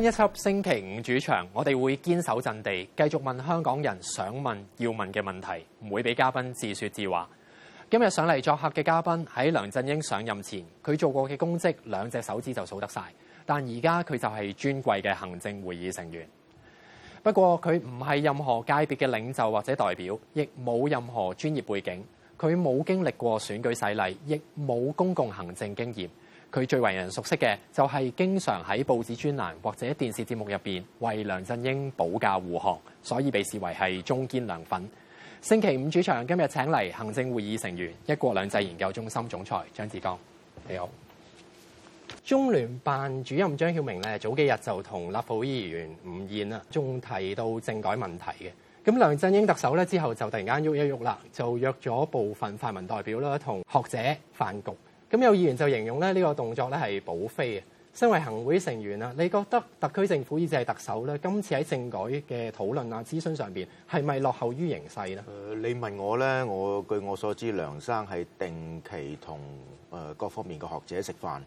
新一輯星期五主場，我哋會堅守陣地，繼續問香港人想問、要問嘅問題，唔會俾嘉賓自說自話。今日上嚟作客嘅嘉賓喺梁振英上任前，佢做過嘅公職兩隻手指就數得晒，但而家佢就係尊貴嘅行政會議成員。不過佢唔係任何界別嘅領袖或者代表，亦冇任何專業背景，佢冇經歷過選舉洗禮，亦冇公共行政經驗。佢最為人熟悉嘅就係、是、經常喺報紙專欄或者電視節目入邊為梁振英保駕護航，所以被視為係中堅梁粉。星期五主場今日請嚟行政會議成員一國兩制研究中心總裁張志剛。你好，中聯辦主任張曉明咧早幾日就同立法會議員午宴啊，仲提到政改問題嘅。咁梁振英特首咧之後就突然間喐一喐啦，就約咗部分泛民代表啦同學者飯局。咁有議員就形容咧，呢個動作咧係補飛。身為行會成員啦，你覺得特區政府以至係特首咧，今次喺政改嘅討論啊、諮詢上面，係咪落後於形勢咧、呃？你問我咧，我據我所知，梁生係定期同各方面嘅學者食飯。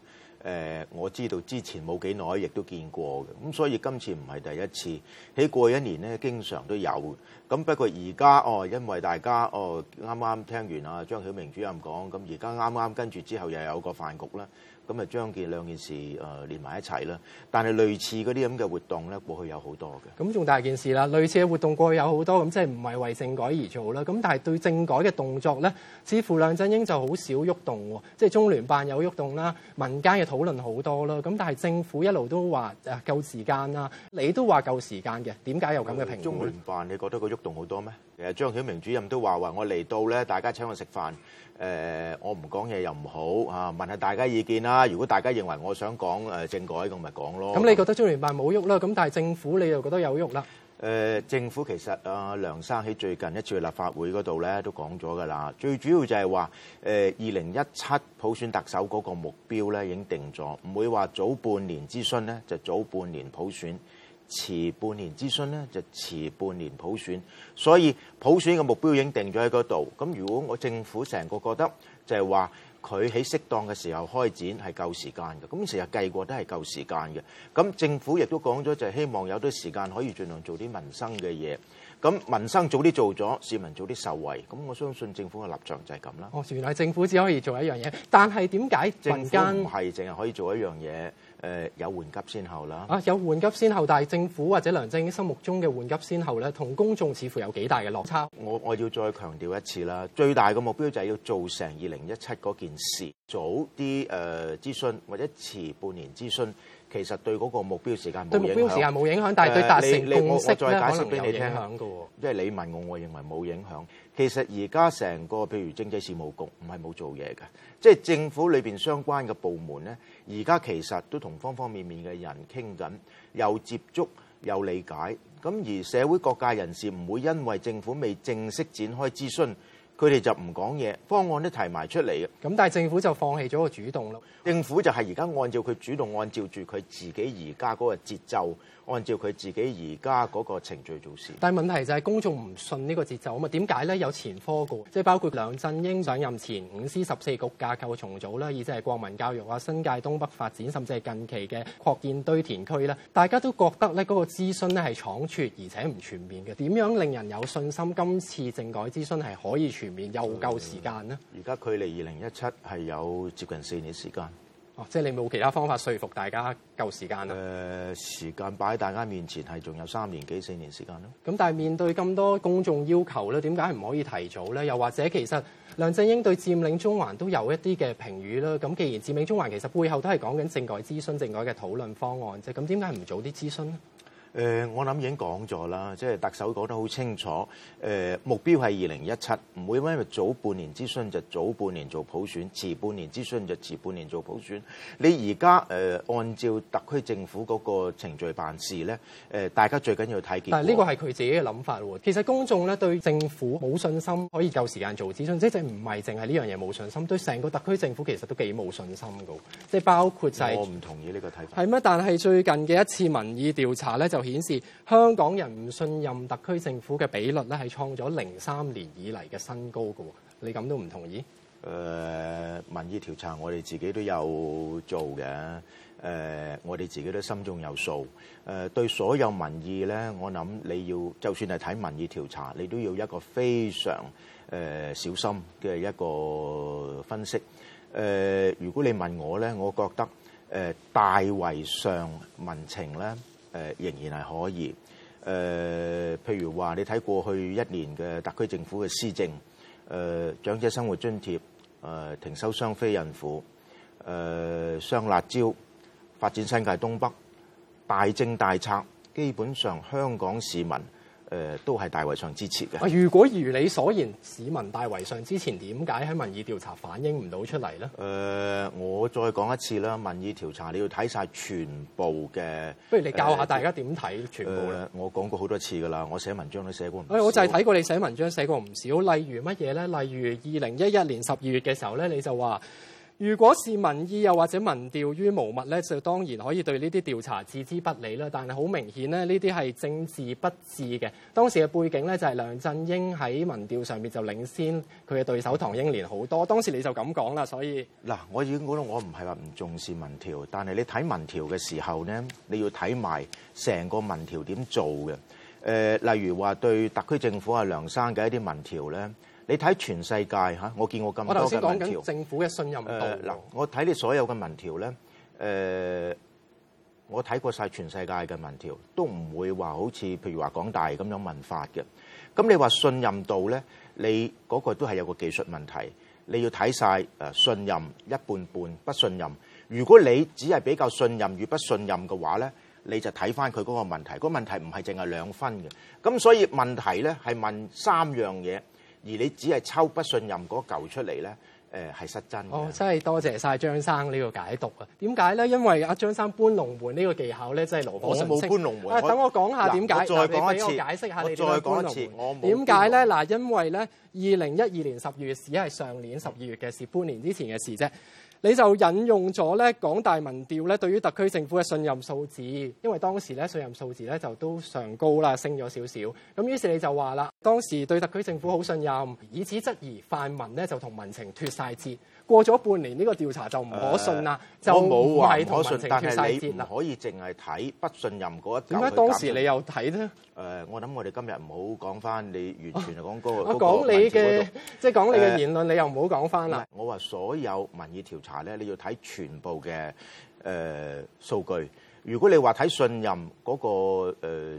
誒我知道之前冇幾耐，亦都見過嘅，咁所以今次唔係第一次。喺過一年咧，經常都有。咁不過而家哦，因為大家哦啱啱聽完啊張曉明主任講，咁而家啱啱跟住之後又有一個飯局啦。咁就將件兩件事誒連埋一齊啦。但係類似嗰啲咁嘅活動咧，過去有好多嘅。咁仲大件事啦，類似嘅活動過去有好多，多，咁即係唔係為政改而做啦？咁但係對政改嘅動作咧，似乎梁振英就好少喐動喎。即係中聯辦有喐動啦，民間嘅討論好多啦。咁但係政府一路都話誒、啊、夠時間啦，你都話夠時間嘅。點解有咁嘅評判？中聯辦，你覺得佢喐動好多咩？其實張曉明主任都話話，話我嚟到咧，大家請我食飯。誒我唔講嘢又唔好嚇，問下大家意見啦。如果大家認為我想講政改，咁咪講咯。咁你覺得中聯辦冇喐啦，咁但係政府你又覺得有喐啦？誒、呃、政府其實啊，梁生喺最近一次立法會嗰度咧都講咗㗎啦。最主要就係話誒二零一七普選特首嗰個目標咧已經定咗，唔會話早半年諮詢咧就早半年普選。遲半年諮詢咧，就遲半年普選。所以普選嘅目標已經定咗喺嗰度。咁如果我政府成個覺得就係話佢喺適當嘅時候開展係夠時間嘅，咁其實計過都係夠時間嘅。咁政府亦都講咗，就係希望有啲時間可以儘量做啲民生嘅嘢。咁民生早啲做咗，市民早啲受惠。咁我相信政府嘅立場就係咁啦。哦，原來政府只可以做一樣嘢，但係點解民間政府唔係淨係可以做一樣嘢？誒、呃、有緩急先後啦，啊有緩急先後，但係政府或者梁振英心目中嘅緩急先後咧，同公眾似乎有幾大嘅落差。我我要再強調一次啦，最大嘅目標就係要做成二零一七嗰件事，早啲誒、呃、諮詢或者遲半年諮詢，其實對嗰個目標時間冇影響。對目標時間冇影響，但係對達成共識可能有影響嘅喎。我再解釋俾你聽，即係你問我，我認為冇影響。其實而家成個譬如經濟事務局唔係冇做嘢嘅，即係政府裏邊相關嘅部門呢，而家其實都同方方面面嘅人傾緊，有接觸有理解。咁而社會各界人士唔會因為政府未正式展開諮詢，佢哋就唔講嘢，方案都提埋出嚟嘅。咁但係政府就放棄咗個主動咯。政府就係而家按照佢主動，按照住佢自己而家嗰個節奏。按照佢自己而家嗰個程序做事，但係問題就係公眾唔信呢個節奏啊嘛。點解咧？有前科嘅。即係包括梁振英上任前五司十四局架構重組啦，以至係國民教育啊、新界東北發展，甚至係近期嘅擴建堆填區啦，大家都覺得咧個個諮詢咧係倉促而且唔全面嘅。點樣令人有信心今次政改諮詢係可以全面又夠時間咧？而家距離二零一七係有接近四年時間。哦，即係你冇其他方法說服大家夠時間啊？誒、呃，時間擺喺大家面前係仲有三年幾四年時間咯。咁但係面對咁多公眾要求咧，點解唔可以提早咧？又或者其實梁振英對佔領中環都有一啲嘅評語啦。咁既然佔領中環其實背後都係講緊政改諮詢、政改嘅討論方案啫。咁點解唔早啲諮詢咧？誒、呃，我諗已經講咗啦，即係特首講得好清楚。誒、呃，目標係二零一七，唔會因為早半年諮詢就早半年做普選，遲半年諮詢就遲半年做普選。你而家誒按照特區政府嗰個程序辦事咧，呃，大家最緊要睇結果。但係呢個係佢自己嘅諗法喎。其實公眾咧對政府冇信心，可以夠時間做諮詢，即係唔係淨係呢樣嘢冇信心，對成個特區政府其實都幾冇信心㗎。即包括就係，我唔同意呢個睇法。係咩？但係最近嘅一次民意調查咧就。顯示香港人唔信任特區政府嘅比率咧，係創咗零三年以嚟嘅新高㗎喎。你咁都唔同意？誒民意調查，我哋自己都有做嘅。誒，我哋自己都心中有數。誒，對所有民意咧，我諗你要就算係睇民意調查，你都要一個非常誒小心嘅一個分析。誒，如果你問我咧，我覺得誒大圍上民情咧。誒仍然係可以，誒、呃、譬如話你睇過去一年嘅特區政府嘅施政，誒、呃、長者生活津貼，誒、呃、停收雙非孕婦，誒、呃、雙辣招，發展新界東北，大政大策，基本上香港市民，誒、呃、都係大圍上支持嘅。如果如你所言，市民大圍上之前點解喺民意調查反映唔到出嚟咧？誒、呃，我再講一次啦，民意調查你要睇晒全部嘅。不如你教下大家點睇、呃、全部咧、呃？我講過好多次噶啦，我寫文章都寫過唔少。誒，我就係睇過你寫文章寫過唔少，例如乜嘢咧？例如二零一一年十二月嘅時候咧，你就話。如果是民意又或者民調於無物咧，就當然可以對呢啲調查置之不理啦。但係好明顯咧，呢啲係政治不治嘅。當時嘅背景咧就係、是、梁振英喺民調上面就領先佢嘅對手唐英年好多。當時你就咁講啦，所以嗱，我已經覺得我唔係話唔重視民調，但係你睇民調嘅時候咧，你要睇埋成個民調點做嘅。誒，例如話對特區政府啊、梁生嘅一啲民調咧，你睇全世界吓，我見過咁多嘅民調，我頭先講緊政府嘅信任度。嗱、呃，我睇你所有嘅民調咧，誒、呃，我睇過晒全世界嘅民調，都唔會話好似譬如話港大咁樣問法嘅。咁你話信任度咧，你嗰個都係有個技術問題，你要睇晒信任一半半不信任。如果你只係比較信任與不信任嘅話咧。你就睇翻佢嗰個問題，個問題唔係淨係兩分嘅，咁所以問題咧係問三樣嘢，而你只係抽不信任嗰嚿出嚟咧，呃、係失真嘅。哦，真係多謝晒張生呢個解讀啊！點解咧？因為阿張生搬龍門呢個技巧咧，真係龍，我冇搬龍門。啊、我等我講下點解，再講一次你我解釋下，你再講一次我點解咧？嗱，因為咧，二零一二年十二月只係上年十二月嘅事，嗯、半年之前嘅事啫。你就引用咗呢港大民調咧，對於特區政府嘅信任數字，因為當時呢信任數字呢就都上高啦，升咗少少。咁於是你就話啦，當時對特區政府好信任，以此質疑泛民呢就同民情脫晒節。過咗半年，呢、呢個調查就唔可信啦，呃、就唔係、呃、可信。但係你唔可以淨係睇不信任嗰一。點解當時你又睇咧、呃？我諗我哋今日唔好講翻，你完全嚟講嗰個嗰、啊、我講你嘅即係講你嘅言論，呃、你又唔好講翻啦。我話所有民意調查咧，你要睇全部嘅誒數據。如果你話睇信任嗰個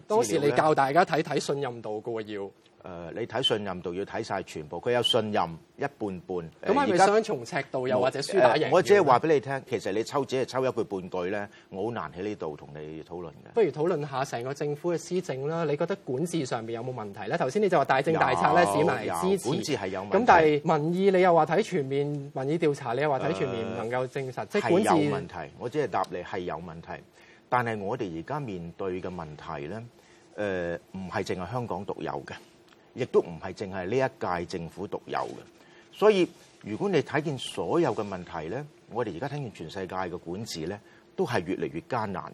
當當時你教大家睇睇信任度嗰個要。誒、呃，你睇信任度要睇晒全部，佢有信任一半半。咁係咪想雙重尺度又或者輸打贏、呃？我只係話俾你聽，其實你抽只係抽一句半句咧，我好難喺呢度同你討論嘅。不如討論下成個政府嘅施政啦，你覺得管治上面有冇問題咧？頭先你就話大政大策咧，市民嚟有支持，管治係有，有問題。咁但係民意你又話睇全面民意調查，你又話睇全面唔能夠證實，呃、即係管治有問題。我只係答你係有問題，但係我哋而家面對嘅問題咧，誒、呃，唔係淨係香港獨有嘅。亦都唔係淨係呢一屆政府獨有嘅，所以如果你睇見所有嘅問題咧，我哋而家睇見全世界嘅管治咧，都係越嚟越艱難。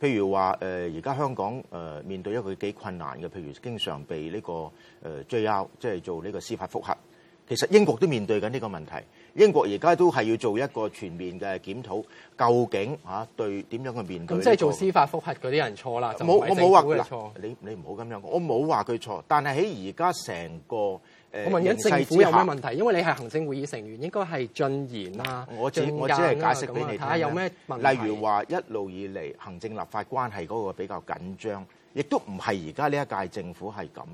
譬如話誒而家香港誒、呃、面對一個幾困難嘅，譬如經常被呢、這個誒 J R 即係做呢個司法覆核，其實英國都面對緊呢個問題。英國而家都係要做一個全面嘅檢討，究竟嚇、啊、對點樣嘅面對的？即係做司法覆核嗰啲人錯啦我，就唔係政府嘅錯。你你唔好咁樣講，我冇話佢錯，但係喺而家成個誒、呃、形勢之下，政府有咩問題？因為你係行政會議成員，應該係進言啊，漲價知啊，咁啊，我只係解釋俾你睇下有咩問題？例如話一路以嚟行政立法關係嗰個比較緊張。亦都唔係而家呢一屆政府係咁，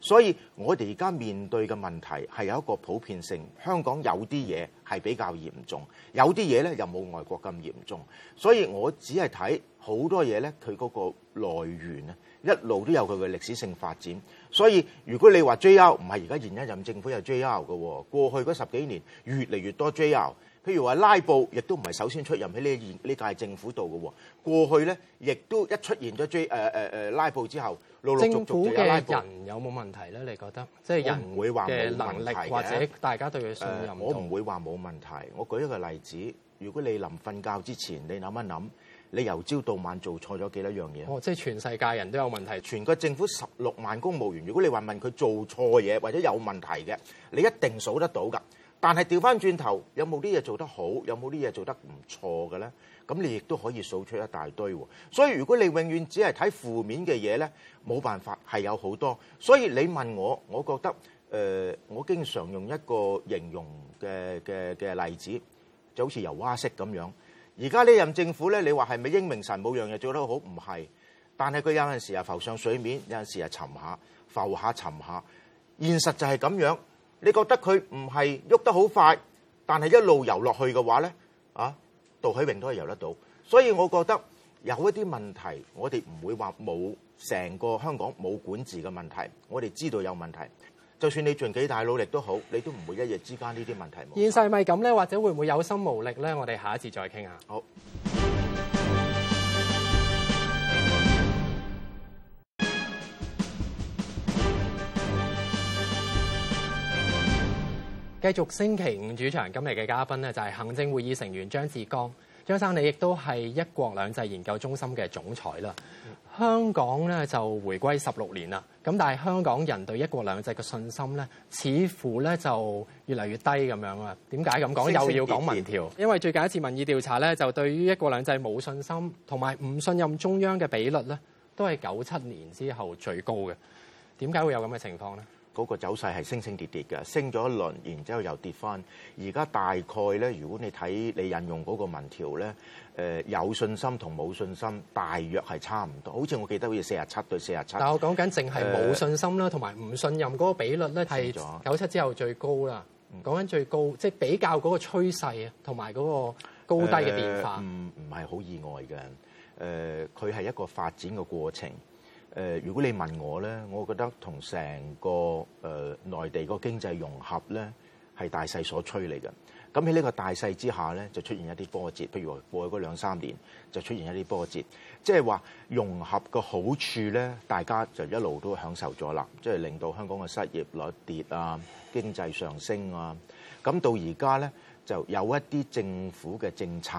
所以我哋而家面對嘅問題係有一個普遍性。香港有啲嘢係比較嚴重，有啲嘢咧又冇外國咁嚴重，所以我只係睇好多嘢咧，佢嗰個來源咧一路都有佢嘅歷史性發展。所以如果你話 JR 唔係而家現一任政府有 JR 嘅喎，過去嗰十幾年越嚟越多 JR。譬如話拉布，亦都唔係首先出任喺呢呢屆政府度嘅喎。過去咧，亦都一出現咗 J 誒誒誒拉布之後，陸陸續續嘅拉布。政府嘅人有冇問題咧？你覺得即係人嘅能力或者大家對佢信任？誒，我唔會話冇問題。我舉一個例子：如果你臨瞓覺之前，你諗一諗，你由朝到晚做錯咗幾多樣嘢？哦，即係全世界人都有問題。全個政府十六萬公務員，如果你話問佢做錯嘢或者有問題嘅，你一定數得到㗎。但係調翻轉頭，有冇啲嘢做得好？有冇啲嘢做得唔錯嘅咧？咁你亦都可以數出一大堆。所以如果你永遠只係睇負面嘅嘢咧，冇辦法係有好多。所以你問我，我覺得、呃、我經常用一個形容嘅嘅嘅例子，就好似游蛙式咁樣。而家呢任政府咧，你話係咪英明神武樣樣嘢做得好？唔係。但係佢有陣時啊浮上水面，有陣時啊沉下浮下沉下，現實就係咁樣。你覺得佢唔係喐得好快，但係一路游落去嘅話呢？啊，渡海泳都係游得到。所以我覺得有一啲問題，我哋唔會話冇成個香港冇管治嘅問題，我哋知道有問題。就算你盡幾大努力都好，你都唔會一日之間呢啲問題。現實係咪咁呢？或者會唔會有心無力呢？我哋下一次再傾下好。繼續星期五主場，今日嘅嘉賓咧就係行政會議成員張志剛，張生你亦都係一國兩制研究中心嘅總裁啦。嗯、香港咧就回歸十六年啦，咁但係香港人對一國兩制嘅信心咧，似乎咧就越嚟越低咁樣啊？點解咁講？又要講民調？因為最近一次民意調查咧，就對於一國兩制冇信心，同埋唔信任中央嘅比率咧，都係九七年之後最高嘅。點解會有咁嘅情況咧？嗰個走勢係升升跌跌嘅，升咗一輪，然之後又跌翻。而家大概咧，如果你睇你引用嗰個民調咧，誒有信心同冇信心大約係差唔多，好似我記得好似四十七對四十七。但我講緊淨係冇信心啦，同埋唔信任嗰個比率咧係九七之後最高啦，講緊、嗯、最高，即係比較嗰個趨勢啊，同埋嗰個高低嘅變化。唔唔係好意外嘅，誒佢係一個發展嘅過程。誒，如果你問我咧，我覺得同成個誒內地個經濟融合咧，係大勢所趨嚟嘅。咁喺呢個大勢之下咧，就出現一啲波折。譬如話過去嗰兩三年就出現一啲波折，即係話融合個好處咧，大家就一路都享受咗啦，即係令到香港嘅失業率跌啊，經濟上升啊。咁到而家咧，就有一啲政府嘅政策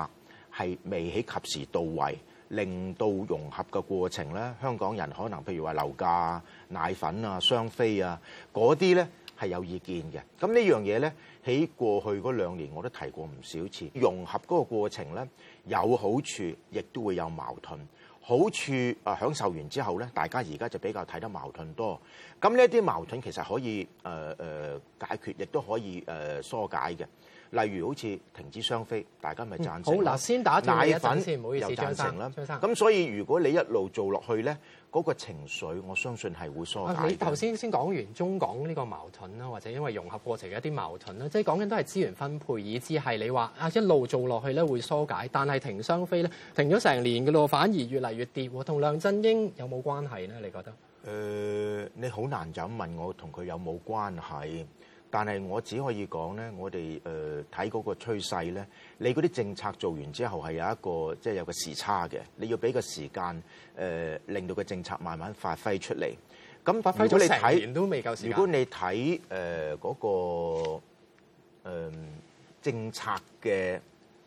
係未起及時到位。令到融合嘅過程咧，香港人可能譬如話樓價、奶粉啊、雙飛啊嗰啲咧，係有意見嘅。咁呢樣嘢咧，喺過去嗰兩年我都提過唔少次。融合嗰個過程咧，有好處，亦都會有矛盾。好處啊享受完之後咧，大家而家就比較睇得矛盾多。咁呢啲矛盾其實可以誒誒、呃呃、解決，亦都可以誒、呃、疏解嘅。例如好似停止雙非，大家咪贊成。嗯、好，嗱，先打大粉一陣先，唔好意思，張生。又贊成啦，咁所以如果你一路做落去咧，嗰、那個情緒，我相信係會疏解啊。你頭先先講完中港呢個矛盾啦，或者因為融合過程嘅一啲矛盾啦，即係講緊都係資源分配，以致係你話啊一路做落去咧會疏解，但係停雙非咧停咗成年嘅路，反而越嚟越跌，同梁振英有冇關係咧？你覺得？誒、呃，你好難就問我同佢有冇關係？但係，我只可以講咧，我哋誒睇嗰個趨勢咧。你嗰啲政策做完之後係有一個即係、就是、有個時差嘅，你要俾個時間誒、呃，令到個政策慢慢發揮出嚟。咁發揮咗你睇，都未夠、嗯、如果你睇誒嗰個、呃、政策嘅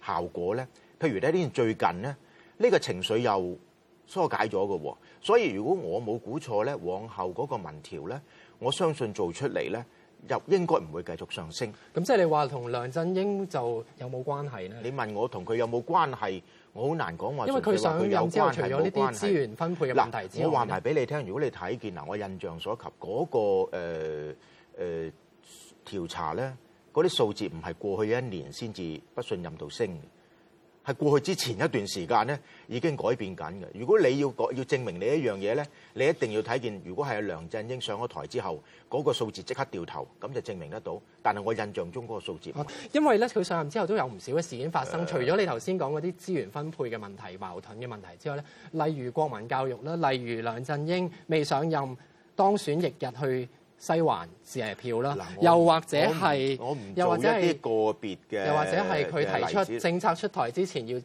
效果咧，譬如咧呢段最近咧，呢、這個情緒又疏解咗嘅喎，所以如果我冇估錯咧，往後嗰個民調咧，我相信做出嚟咧。又應該唔會繼續上升。咁即係你話同梁振英就有冇關係咧？你問我同佢有冇關係，我好難講話。因為佢上任之後，有關除咗呢啲資源分配嘅問題，我話埋俾你聽，呢如果你睇見嗱，我印象所及嗰、嗰個誒誒調查咧，嗰啲數字唔係過去一年先至不信任度升。係過去之前一段時間咧，已經改變緊嘅。如果你要要證明你一樣嘢咧，你一定要睇見。如果係梁振英上咗台之後，嗰、嗰個數字即刻掉頭，咁就證明得到。但係我印象中嗰個數字，因為咧佢上任之後都有唔少嘅事件發生，呃、除咗你頭先講嗰啲資源分配嘅問題、矛盾嘅問題之外咧，例如國民教育啦，例如梁振英未上任當選翌日去。西環自威票啦，我又或者係，個別嘅又或者係又或者係佢提出政策出台之前要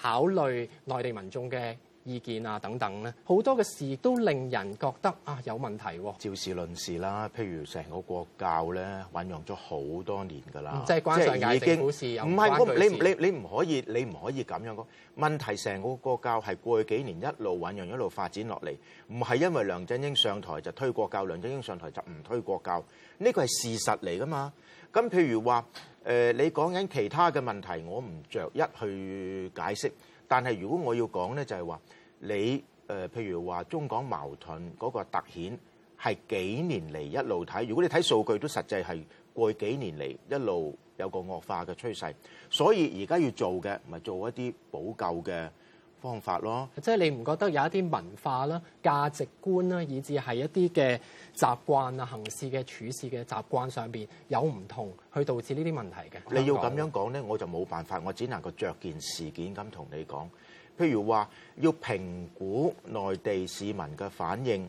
考慮內地民眾嘅意見啊等等咧，好多嘅事都令人覺得啊有問題啊。照事論事啦，譬如成個國教咧，醞釀咗好多年㗎啦，即係關係已政府事唔係我，你你你唔可以你唔可以咁樣講。問題成個國教係過去幾年一路醞釀一路發展落嚟，唔係因為梁振英上台就推國教，梁振英上台就唔推國教，呢個係事實嚟㗎嘛。咁譬如話誒、呃，你講緊其他嘅問題我不，我唔着一去解釋。但係，如果我要講呢，就係話你誒，譬如話中港矛盾嗰個特顯係幾年嚟一路睇。如果你睇數據都實際係過去幾年嚟一路有一個惡化嘅趨勢，所以而家要做嘅咪做一啲補救嘅方法咯，即係你唔覺得有一啲文化啦、價值觀啦，以至係一啲嘅習慣啊、行事嘅處事嘅習慣上邊有唔同，去導致呢啲問題嘅。你要咁樣講咧，我就冇辦法，我只能夠着件事件咁同你講，譬如話要評估內地市民嘅反應，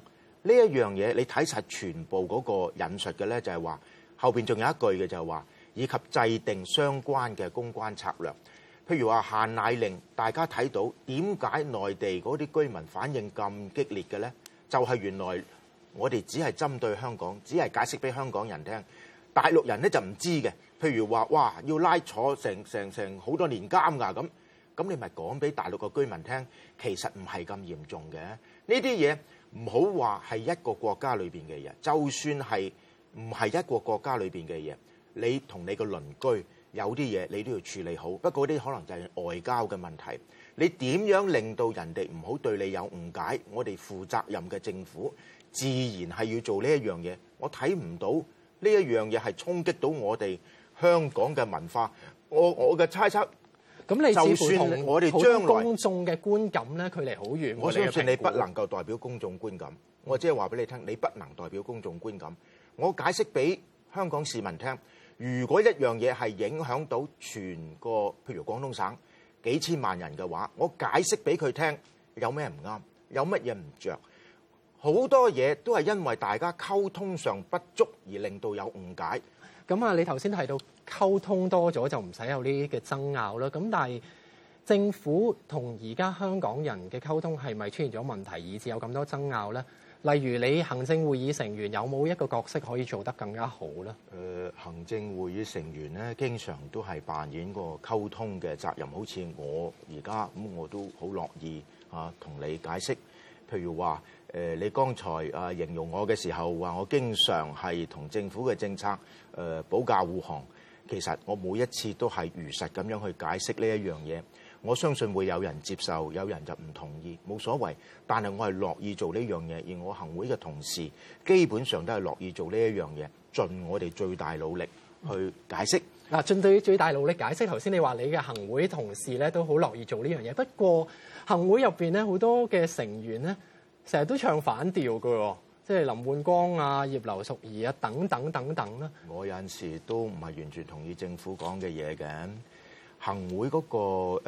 呢一樣嘢，你睇晒全部嗰個引述嘅咧，就係話後邊仲有一句嘅就係話以及制定相關嘅公關策略。譬如話限奶令，大家睇到點解內地嗰啲居民反應咁激烈嘅呢？就係、是、原來我哋只係針對香港，只係解釋俾香港人聽，大陸人咧就唔知嘅。譬如話哇，要拉坐成成成好多年監㗎咁，咁你咪講俾大陸個居民聽，其實唔係咁嚴重嘅。呢啲嘢唔好話係一個國家裏邊嘅嘢，就算係唔係一個國家裏邊嘅嘢，你同你個鄰居。有啲嘢你都要處理好，不過嗰啲可能就係外交嘅問題，你點樣令到人哋唔好對你有誤解我？我哋負責任嘅政府自然係要做呢一樣嘢。我睇唔到呢一樣嘢係衝擊到我哋香港嘅文化。我我嘅猜測，咁那你就算我哋將公眾嘅觀感咧，佢離好遠，我相信你不能夠代表公眾觀感。嗯、我即係話俾你聽，你不能代表公眾觀感。我解釋俾香港市民聽。如果一樣嘢係影響到全個，譬如廣東省幾千萬人嘅話，我解釋俾佢聽有咩唔啱，有乜嘢唔着。好多嘢都係因為大家溝通上不足而令到有誤解。咁啊，你頭先提到溝通多咗就唔使有呢啲嘅爭拗啦。咁但係政府同而家香港人嘅溝通係咪出現咗問題，以致有咁多爭拗呢？例如你行政會議成員有冇一個角色可以做得更加好咧？誒，行政會議成員咧，經常都係扮演個溝通嘅責任。好似我而家咁，我都好樂意啊，同你解釋。譬如話誒，你剛才啊形容我嘅時候話，我經常係同政府嘅政策誒保駕護航。其實我每一次都係如實咁樣去解釋呢一樣嘢。我相信會有人接受，有人就唔同意，冇所謂。但係我係樂意做呢樣嘢，而我行會嘅同事基本上都係樂意做呢一樣嘢，盡我哋最大努力去解釋。嗱、嗯，盡對於最大努力解釋。頭先你話你嘅行會同事咧都好樂意做呢樣嘢，不過行會入邊咧好多嘅成員咧，成日都唱反調嘅喎，即係林煥光啊、葉劉淑儀啊等等等等啦。我有陣時都唔係完全同意政府講嘅嘢嘅。行會嗰個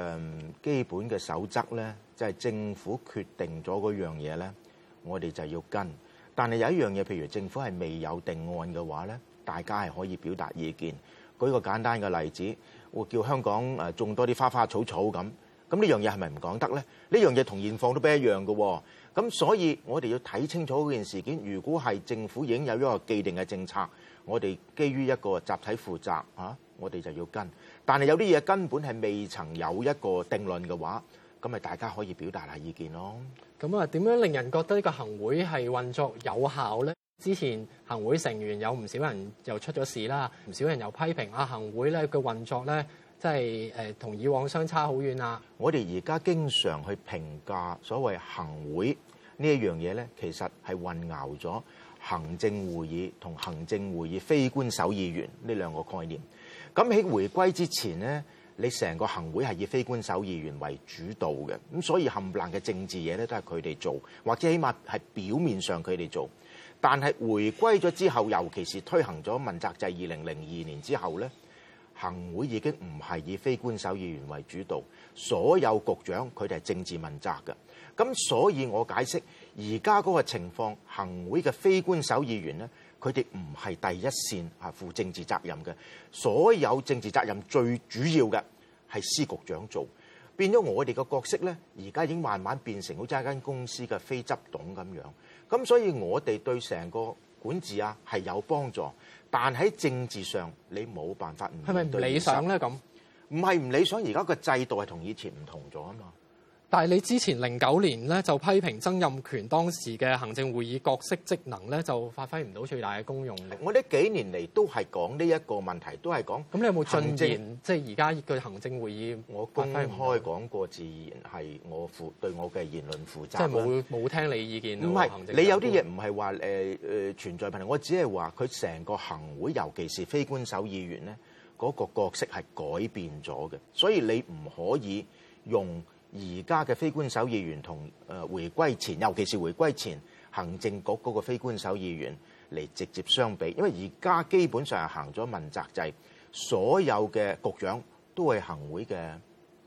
誒基本嘅守則咧，即係政府決定咗嗰樣嘢咧，我哋就要跟。但係有一樣嘢，譬如政府係未有定案嘅話咧，大家係可以表達意見。舉個簡單嘅例子，我叫香港誒種多啲花花草草咁，咁呢樣嘢係咪唔講得咧？呢樣嘢同現況都唔一樣嘅喎。咁所以我哋要睇清楚嗰件事件。如果係政府已經有一個既定嘅政策。我哋基於一個集體負責嚇，我哋就要跟。但係有啲嘢根本係未曾有一個定論嘅話，咁咪大家可以表達下意見咯。咁啊，點樣令人覺得呢個行會係運作有效咧？之前行會成員有唔少人又出咗事啦，唔少人又批評啊，行會咧嘅運作咧，即係誒同以往相差好遠啊。我哋而家經常去評價所謂行會呢一樣嘢咧，其實係混淆咗。行政會議同行政會議非官守議員呢兩個概念，咁喺回歸之前呢，你成個行會係以非官守議員為主導嘅，咁所以冚唪唥嘅政治嘢咧都係佢哋做，或者起碼係表面上佢哋做。但係回歸咗之後，尤其是推行咗問責制二零零二年之後呢，行會已經唔係以非官守議員為主導，所有局長佢哋係政治問責嘅，咁所以我解釋。而家嗰個情況，行會嘅非官守議員咧，佢哋唔係第一綫啊，負政治責任嘅。所有政治責任最主要嘅係司局長做，變咗我哋嘅角色咧，而家已經慢慢變成好似一間公司嘅非執董咁樣，咁所以我哋對成個管治啊係有幫助，但喺政治上你冇辦法，唔係咪唔理想咧？咁唔係唔理想，而家個制度係同以前唔同咗啊嘛。但係你之前零九年咧就批評曾蔭權當時嘅行政會議角色職能咧就發揮唔到最大嘅功用。我呢幾年嚟都係講呢一個問題，都係講。咁你有冇進言？政即係而家嘅行政會議，我公開講過，自然係我負對我嘅言論負責，即係冇冇聽你意見。唔係，你有啲嘢唔係話誒誒存在問題，我只係話佢成個行會，尤其是非官守議員咧，嗰個角色係改變咗嘅，所以你唔可以用。而家嘅非官守議員同回歸前，尤其是回歸前行政局嗰個非官守議員嚟直接相比，因為而家基本上係行咗問責制，所有嘅局長都係行會嘅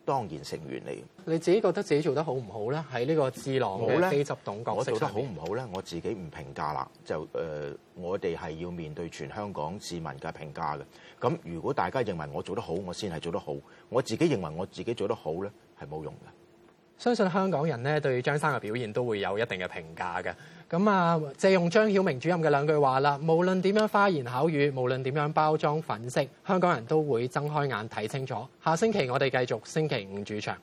當然成員嚟。你自己覺得自己做得好唔好在這個智呢？喺呢個智囊嘅非執董角色我做得好唔好呢？我自己唔評價啦。就、呃、我哋係要面對全香港市民嘅評價嘅。咁如果大家認為我做得好，我先係做得好。我自己認為我自己做得好呢。係冇用嘅。相信香港人咧，對張生嘅表現都會有一定嘅評價嘅。咁啊，借用張曉明主任嘅兩句話啦，無論點樣花言巧語，無論點樣包裝粉飾，香港人都會睜開眼睇清楚。下星期我哋繼續星期五主場。